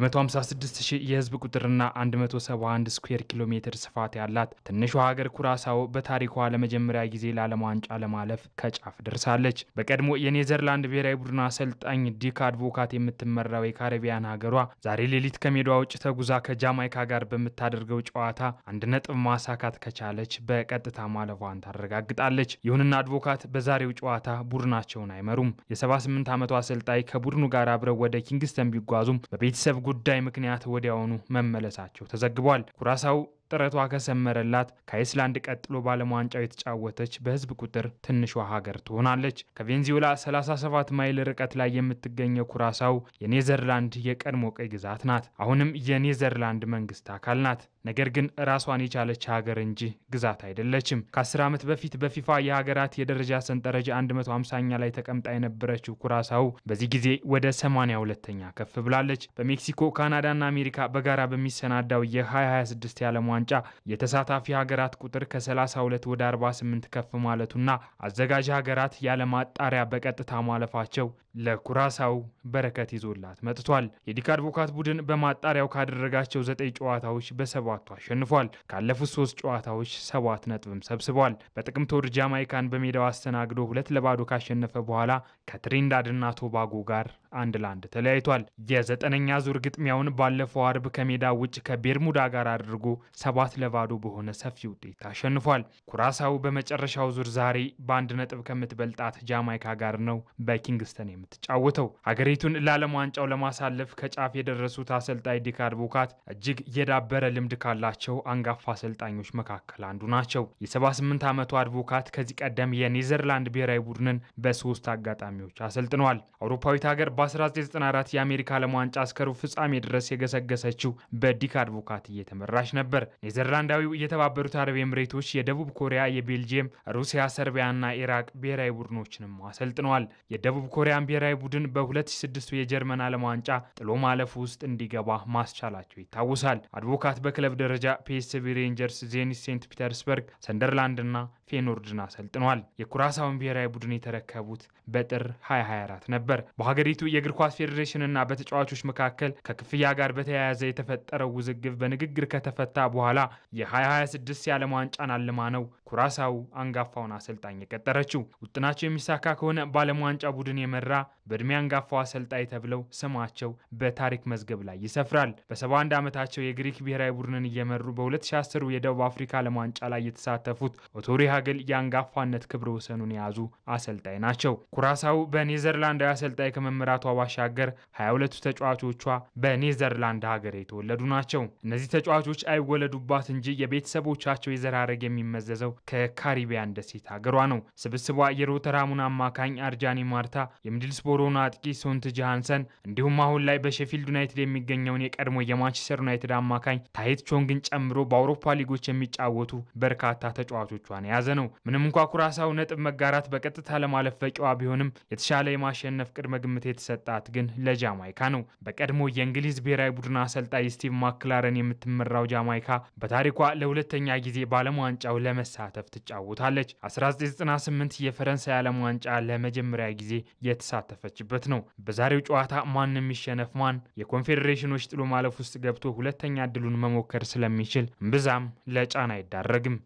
156,000 የህዝብ ቁጥርና 171 ስኩዌር ኪሎ ሜትር ስፋት ያላት ትንሿ ሀገር ኩራሳው በታሪኳ ለመጀመሪያ ጊዜ ለዓለም ዋንጫ ለማለፍ ከጫፍ ደርሳለች። በቀድሞ የኔዘርላንድ ብሔራዊ ቡድን አሰልጣኝ ዲክ አድቮካት የምትመራው የካሪቢያን ሀገሯ ዛሬ ሌሊት ከሜዳዋ ውጭ ተጉዛ ከጃማይካ ጋር በምታደርገው ጨዋታ አንድ ነጥብ ማሳካት ከቻለች በቀጥታ ማለፏን ታረጋግጣለች። ይሁንና አድቮካት በዛሬው ጨዋታ ቡድናቸውን አይመሩም። የ78 ዓመቱ አሰልጣኝ ከቡድኑ ጋር አብረው ወደ ኪንግስተን ቢጓዙም በቤተሰብ ጉዳይ ምክንያት ወዲያውኑ መመለሳቸው ተዘግቧል። ኩራሳው ጥረቷ ከሰመረላት ከአይስላንድ ቀጥሎ በዓለም ዋንጫው የተጫወተች በህዝብ ቁጥር ትንሿ ሀገር ትሆናለች። ከቬንዙዌላ 37 ማይል ርቀት ላይ የምትገኘው ኩራሳው የኔዘርላንድ የቀድሞ ቀይ ግዛት ናት። አሁንም የኔዘርላንድ መንግስት አካል ናት። ነገር ግን ራሷን የቻለች ሀገር እንጂ ግዛት አይደለችም። ከ10 ዓመት በፊት በፊፋ የሀገራት የደረጃ ሰንጠረዥ 150ኛ ላይ ተቀምጣ የነበረችው ኩራሳው በዚህ ጊዜ ወደ 82ኛ ከፍ ብላለች። በሜክሲኮ ካናዳና አሜሪካ በጋራ በሚሰናዳው የ2026 የዓለም ዋንጫ የተሳታፊ ሀገራት ቁጥር ከ32 ወደ 48 ከፍ ማለቱና አዘጋጅ ሀገራት ያለ ማጣሪያ በቀጥታ ማለፋቸው ለኩራሳው በረከት ይዞላት መጥቷል። አድቮካት ቡድን በማጣሪያው ካደረጋቸው ዘጠኝ ጨዋታዎች በሰባ በሰባቱ አሸንፏል። ካለፉት ሶስት ጨዋታዎች ሰባት ነጥብም ሰብስቧል። በጥቅምት ወር ጃማይካን በሜዳው አስተናግዶ ሁለት ለባዶ ካሸነፈ በኋላ ከትሪንዳድ እና ቶባጎ ጋር አንድ ለአንድ ተለያይቷል። የዘጠነኛ ዙር ግጥሚያውን ባለፈው አርብ ከሜዳ ውጭ ከቤርሙዳ ጋር አድርጎ ሰባት ለባዶ በሆነ ሰፊ ውጤት አሸንፏል። ኩራሳው በመጨረሻው ዙር ዛሬ በአንድ ነጥብ ከምትበልጣት ጃማይካ ጋር ነው በኪንግስተን የምትጫወተው። ሀገሪቱን ለዓለም ዋንጫው ለማሳለፍ ከጫፍ የደረሱት አሰልጣኝ ዲክ አድቮካት እጅግ የዳበረ ልምድ ካላቸው አንጋፋ አሰልጣኞች መካከል አንዱ ናቸው። የ78 ዓመቱ አድቮካት ከዚህ ቀደም የኔዘርላንድ ብሔራዊ ቡድንን በሶስት አጋጣሚ ታዳሚዎች አሰልጥነዋል። አውሮፓዊት ሀገር በ1994 የአሜሪካ ዓለም ዋንጫ እስከ ሩብ ፍጻሜ ድረስ የገሰገሰችው በዲክ አድቮካት እየተመራች ነበር። ኔዘርላንዳዊው የተባበሩት አረብ ኤምሬቶች፣ የደቡብ ኮሪያ፣ የቤልጅየም፣ ሩሲያ፣ ሰርቢያና ኢራቅ ብሔራዊ ቡድኖችንም አሰልጥነዋል። የደቡብ ኮሪያን ብሔራዊ ቡድን በ2006 የጀርመን ዓለም ዋንጫ ጥሎ ማለፍ ውስጥ እንዲገባ ማስቻላቸው ይታወሳል። አድቮካት በክለብ ደረጃ ፒኤስቪ ሬንጀርስ፣ ዜኒት ሴንት ፒተርስበርግ፣ ሰንደርላንድና ፌኖርድን አሰልጥኗል። የኩራሳውን ብሔራዊ ቡድን የተረከቡት በጥር 2024 ነበር። በሀገሪቱ የእግር ኳስ ፌዴሬሽንና በተጫዋቾች መካከል ከክፍያ ጋር በተያያዘ የተፈጠረው ውዝግብ በንግግር ከተፈታ በኋላ የ2026 የዓለም ዋንጫን አልማ ነው ኩራሳው አንጋፋውን አሰልጣኝ የቀጠረችው። ውጥናቸው የሚሳካ ከሆነ በዓለም ዋንጫ ቡድን የመራ በእድሜ አንጋፋው አሰልጣኝ ተብለው ስማቸው በታሪክ መዝገብ ላይ ይሰፍራል። በ71 ዓመታቸው የግሪክ ብሔራዊ ቡድንን እየመሩ በ2010 የደቡብ አፍሪካ ዓለም ዋንጫ ላይ የተሳተፉት ኦቶሪ በመታገል የአንጋፋነት ክብረ ወሰኑን የያዙ አሰልጣኝ ናቸው። ኩራሳው በኔዘርላንዳዊ አሰልጣኝ ከመምራቷ ባሻገር 22ቱ ተጫዋቾቿ በኔዘርላንድ ሀገር የተወለዱ ናቸው። እነዚህ ተጫዋቾች አይወለዱባት እንጂ የቤተሰቦቻቸው የዘር ሐረግ የሚመዘዘው ከካሪቢያን ደሴት ሀገሯ ነው። ስብስቧ የሮተራሙን አማካኝ አርጃኒ ማርታ፣ የሚድልስቦሮን አጥቂ ሶንት ጃሃንሰን እንዲሁም አሁን ላይ በሼፊልድ ዩናይትድ የሚገኘውን የቀድሞ የማንቸስተር ዩናይትድ አማካኝ ታይት ቾንግን ጨምሮ በአውሮፓ ሊጎች የሚጫወቱ በርካታ ተጫዋቾቿን የያዘ ነው። ምንም እንኳ ኩራሳው ነጥብ መጋራት በቀጥታ ለማለፍ በቂዋ ቢሆንም የተሻለ የማሸነፍ ቅድመ ግምት የተሰጣት ግን ለጃማይካ ነው። በቀድሞ የእንግሊዝ ብሔራዊ ቡድን አሰልጣኝ ስቲቭ ማክላረን የምትመራው ጃማይካ በታሪኳ ለሁለተኛ ጊዜ በዓለም ዋንጫው ለመሳተፍ ትጫወታለች። 1998 የፈረንሳይ ዓለም ዋንጫ ለመጀመሪያ ጊዜ የተሳተፈችበት ነው። በዛሬው ጨዋታ ማንም ይሸነፍ ማን የኮንፌዴሬሽኖች ጥሎ ማለፍ ውስጥ ገብቶ ሁለተኛ እድሉን መሞከር ስለሚችል ብዛም ለጫና አይዳረግም።